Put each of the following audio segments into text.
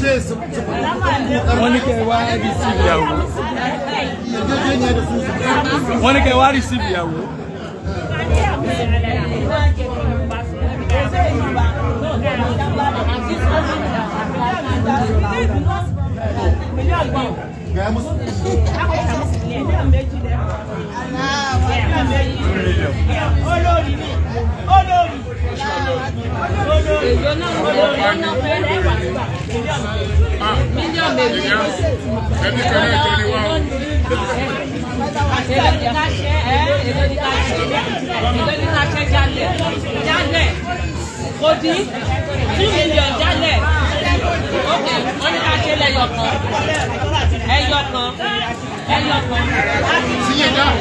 wọ́n ní kẹ́ wá receive ìyàwó wọ́n ní kẹ́ wá olórí mi ẹni kan náà tẹni wá. èlò ní ká ṣe ẹ èlò ní ká ṣe èlò ní ká ṣe jalè jalè kò dín two million jalè ok wọ́n ní ká ṣe lẹ́yọ̀ kan ẹyọ̀ kan ẹyọ̀ kan. síyẹn náà.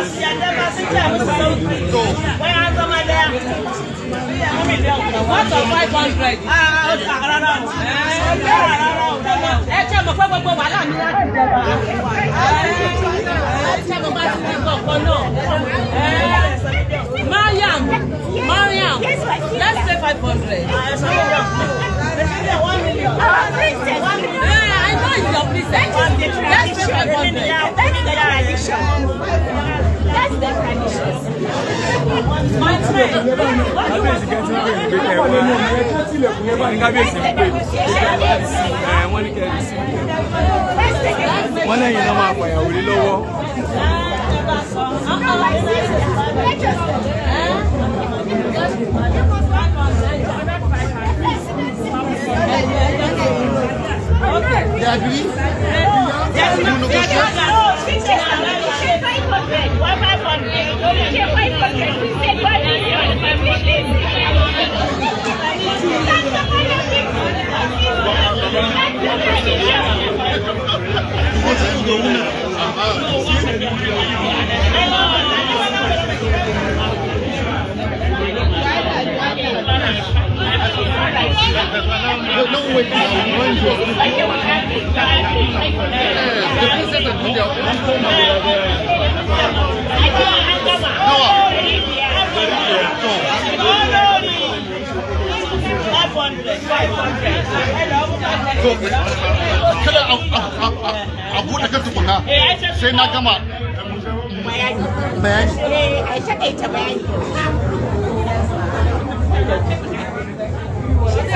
ọ̀sìn àdébàsí jẹ́ àmúṣe. What five hundred? Ẹ jẹ́ mọ̀ pé gbogbo wàhálà mi láti jẹba. Ẹ jẹ́ mọ̀ bá ti ní gbọ̀ngàn náà. Mariam, Mariam, let's say five hundred. Ah, one million. One million. I know it's your business. That's the tradition. That's the tradition. That's the tradition. lọ́wọ́. Thank you. They agree? Yes, you know, yes, What is going on? along with kada a buɗe kan tukuna sai na gama bayani. Eh,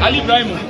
Ali Ibrahim.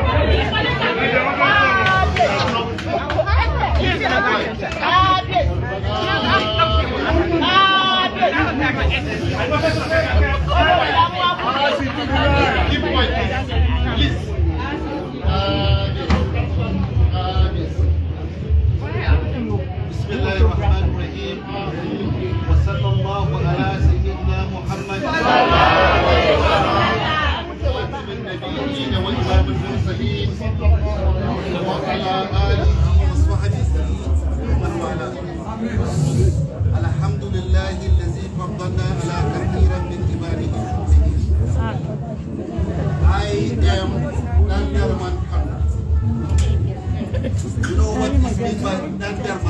على من I am Nandarman Khan. You know what is meant by Nandarman?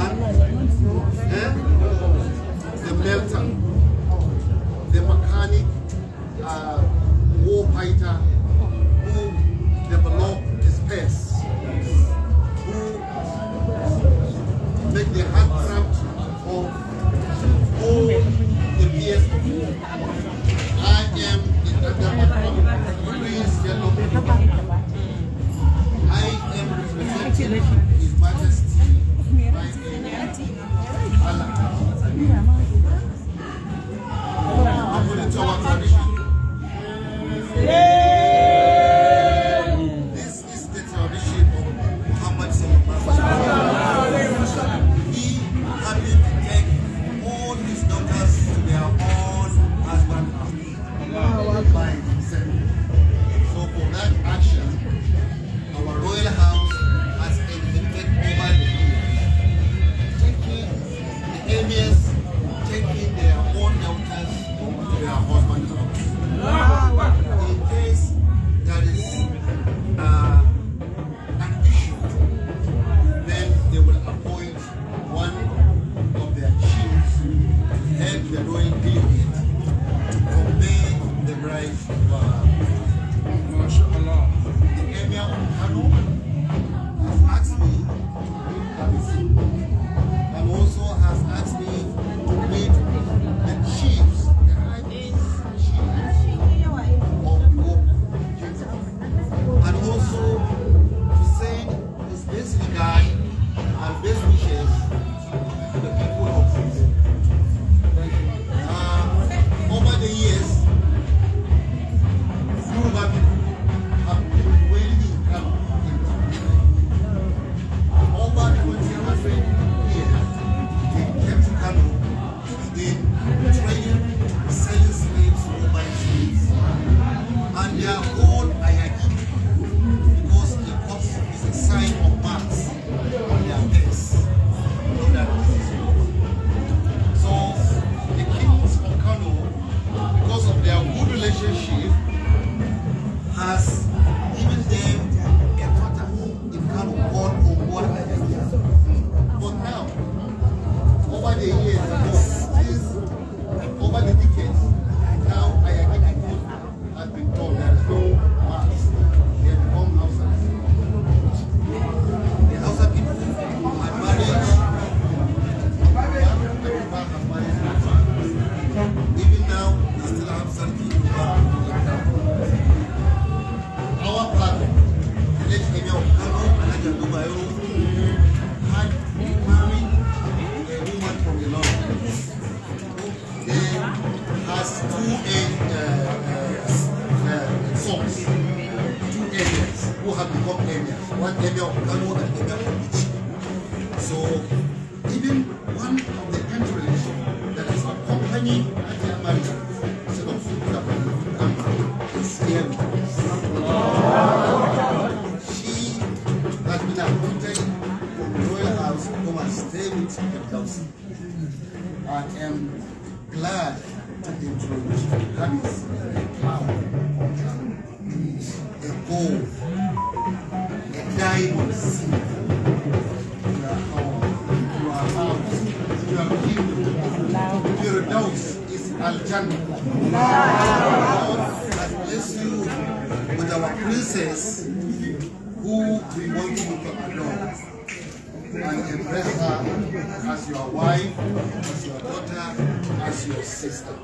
system.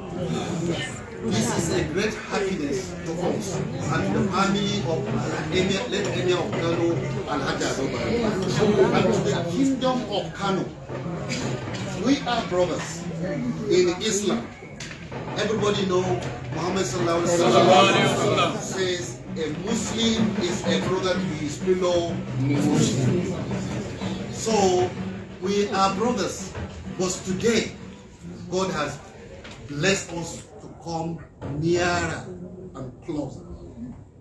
Yes. This is a great happiness to us and the family of Emir, late Emir of Kano and Haji And to the kingdom of Kano, we are brothers in Islam. Everybody know Muhammad Sallallahu says a Muslim is a brother to his fellow Muslim. So we are brothers, but today God has bless us to come nearer and closer.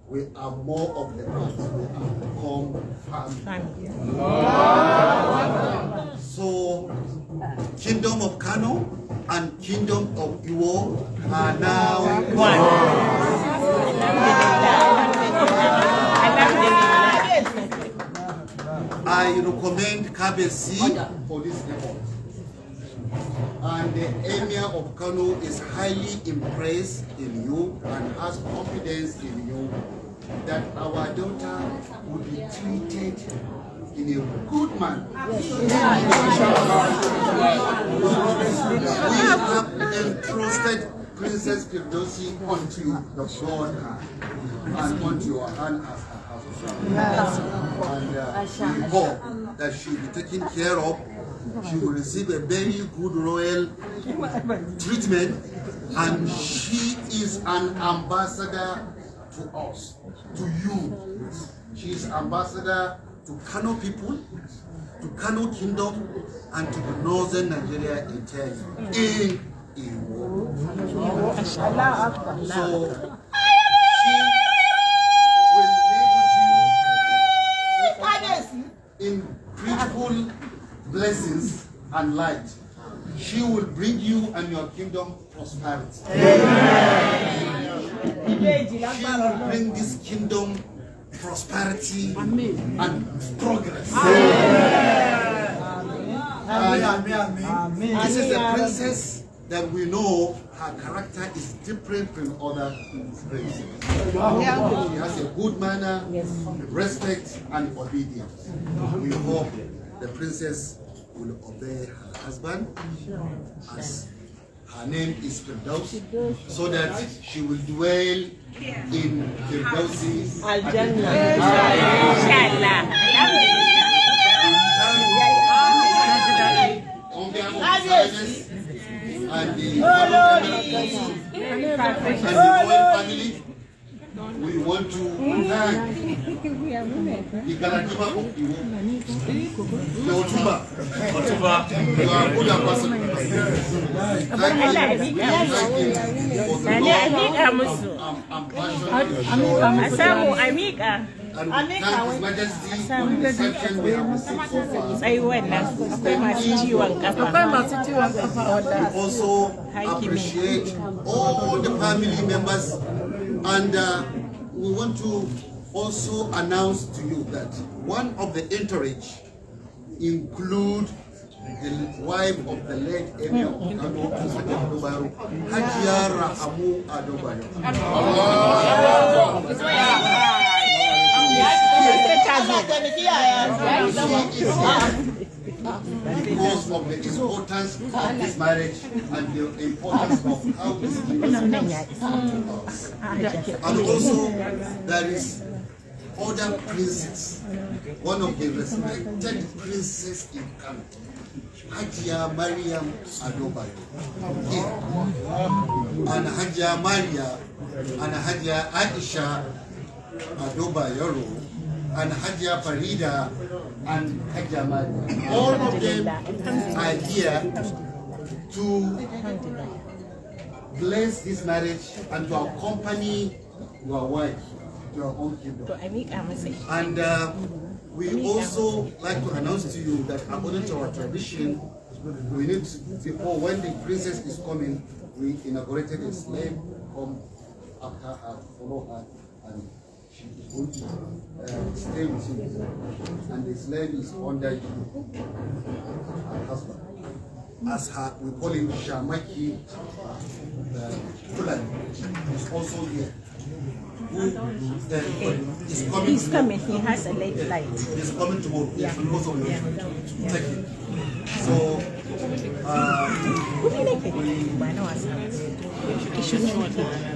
We are more of the past. We are become family. So, kingdom of Kano and kingdom of Iwo are now one. I recommend KBC for this effort. And the Emir of Kano is highly impressed in you and has confidence in you that our daughter will be treated in a good manner. We have entrusted Princess Kirdosi unto the God and unto your hand as her husband. And uh, we hope that she will be taken care of she will receive a very good royal treatment and she is an ambassador to us, to you. She is ambassador to Kano people, to Kano kingdom, and to the northern Nigeria entirely. In Iwo. So, she will live with you in beautiful blessings, and light. She will bring you and your kingdom prosperity. Amen. She will bring this kingdom prosperity Amen. and progress. Amen. Amen. This is a princess that we know her character is different from other princes. She has a good manner, respect, and obedience. We hope the princess will obey her husband as her name is Firdaus, so that she will dwell in Firdausi Al-Jannah. On behalf and the, family, we want to thank You are a good you. Thank you you show. And thank His Majesty for the reception we have received. Sai wannan akwai masu ciwon kafa. Akwai masu ciwon kafa wanda. We also appreciate all the family members and uh, we want to also announce to you that one of the entourage include the wife of the late Emir of Kano, Adobaru, Hajia Rahamu Adobaru because of the importance of this marriage and the importance of how this us, And also, there is other princess, one of the respected princes in Canada. Hajiya Mariam Adobayo. Yeah. And Hajiya Maria and Hajiya Aisha Adobayoro and Hajia Farida and Hajia Mad, All of them are here to bless this marriage and to accompany your wife to your own kingdom. And uh, we also like to announce to you that according to our tradition, we need to, before when the princess is coming, we inaugurated a slave come after her, follow her, and would uh, stay with him, and the slave is under you, her husband. As her, we call him Shamaki uh, Kulan is also here. He's coming. He's coming. He has a late flight. He's coming tomorrow. Yeah. He's of yeah. yeah. Take um, it. So,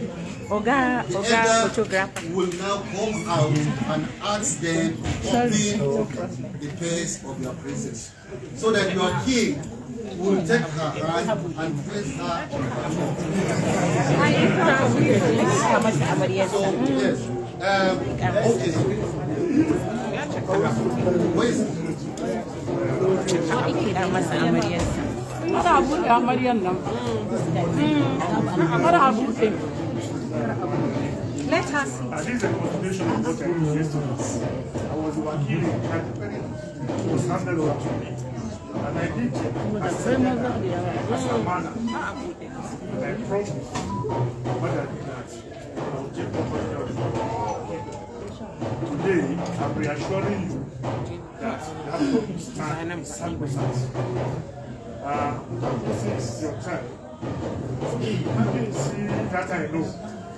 Oga, Oga photographer will now come out and ask them to open the pace of your princess. So that your king will take her right and place her on her So, yes. Um, okay. Where is it? And this is a continuation of what I yesterday. I was working and it was I did as a manner. And I promised what I did I will take proper care Today, I'm reassuring you that you have to understand circumstances. Uh, your time. I can see that I know.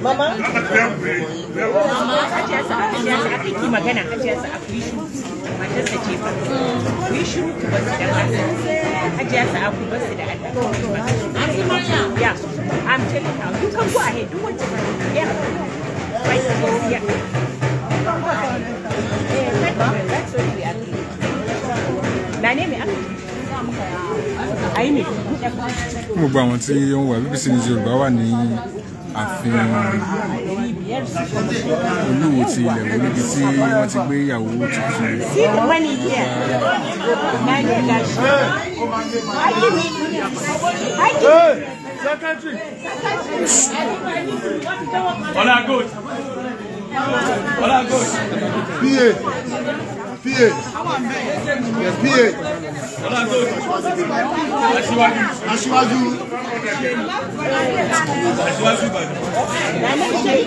Mama? Mama, hajiyarsa a kan yasa aka yi magana hajiyarsa a kuyi shuru. Matarsa ce ba. Kuyi shuru ku basu da Allah. a Yeah, I'm telling you, you can go ahead, do what you want. Yeah, right. Yeah. yeah. That's what we are doing. My name is. gbogbo àwọn tí ó ń wà BBC News Yorùbá wà ní àfihàn olúwo ti ilẹ̀ wo níbi tí wọ́n ti gbé ìyàwó tuntun rẹ̀. I On Ọlá goat. On goat. PA. PA yes aṣíwájú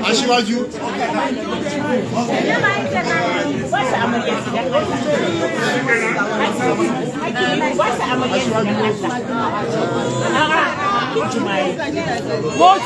aṣíwájú mo tún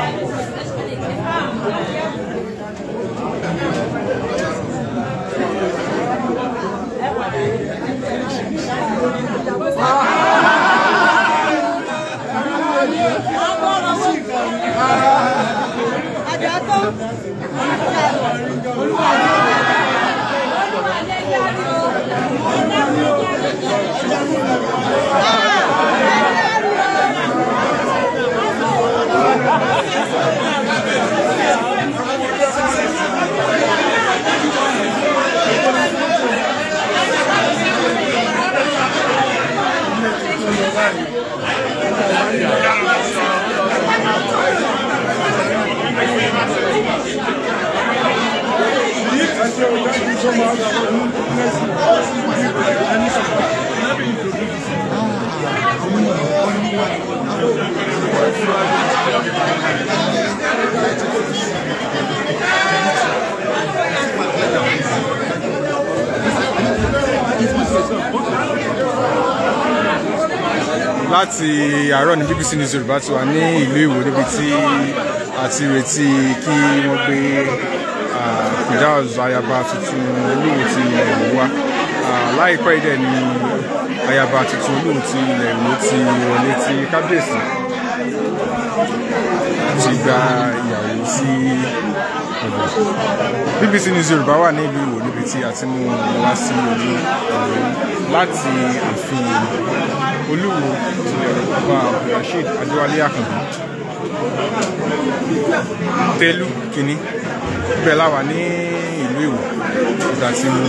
BBC News Yorùbá ti wà ní ìlú Ìwó níbi tí a ti retí kí wọ́n gbé Fidaus ayaba tuntun Olúwo ti ilẹ̀ Ìwó wá láìpẹ́ ìdẹ̀ ni ayaba tuntun Olúwo ti ilẹ̀ Ìwó ti wọlé ti kábíyèsí ti gba ìyàwó sí ọ̀dọ̀ BBC News Yorùbá wà ní ìlú Ìwó ní ibi tí a ti mú wọn wá sí ojú ọ̀rọ̀ láti ààfin Olúwo ìpínlẹ̀ Ọ̀yọ́ bàbá Abdulrasheed Adéwálé Àkànbí tẹ́lú kínní bẹ́ẹ̀ láwa ní ìlú Ìwó ìgbà tí mo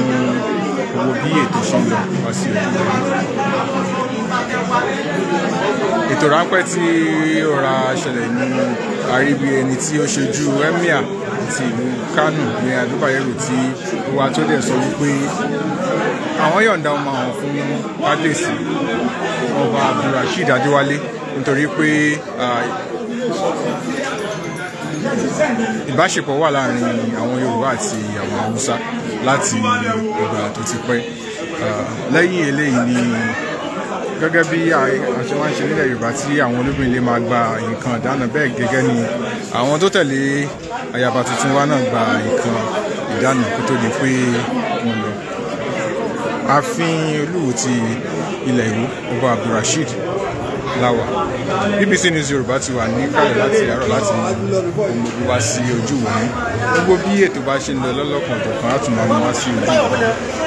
wo bí ètò ṣe ń lọ wá sí ojú ọ̀rọ̀ ètò ráńpẹ́ tí ọ̀rọ̀ ṣẹlẹ̀ ní àríbi ẹni tí ó ṣojú emir ti ìlú Kánò ní Adébáyẹ̀rò tí ìwà tó dẹ̀ sọ wípé àwọn yọ̀ǹda ọmọ àwọn fún kábíyèsí ọba Abdulrasheed Adéwálé nítorí pé ìbáṣepọ̀ wà láàrin àwọn Yorùbá àti àwọn Haúsá láti ìgbà tó ti pẹ́ lẹ́yìn eléyìí ni gẹ́gẹ́ bí àṣẹ máa ń ṣe nílẹ̀ Yorùbá tí àwọn olóbìnrin lè máa gba nǹkan ìdáná bẹ́ẹ̀ gẹ́gẹ́ ni àwọn tó tẹ̀lé àyàbá tuntun wa náà gba nǹkan ìdáná kó tó di pé wọ́n lọ. ààfin Olúwo ti ilẹ̀ Ìwó ọba Abdulrasheed láwà BBC News Yorùbá ti wà ní káyọ̀ láti àárọ̀ láti mú wá sí ojú wòye gbogbo bí ètò bá ṣe ń lọ lọ́lọ́kan ọ̀jọ̀kan á tún máa mú wá sí ojú wòye.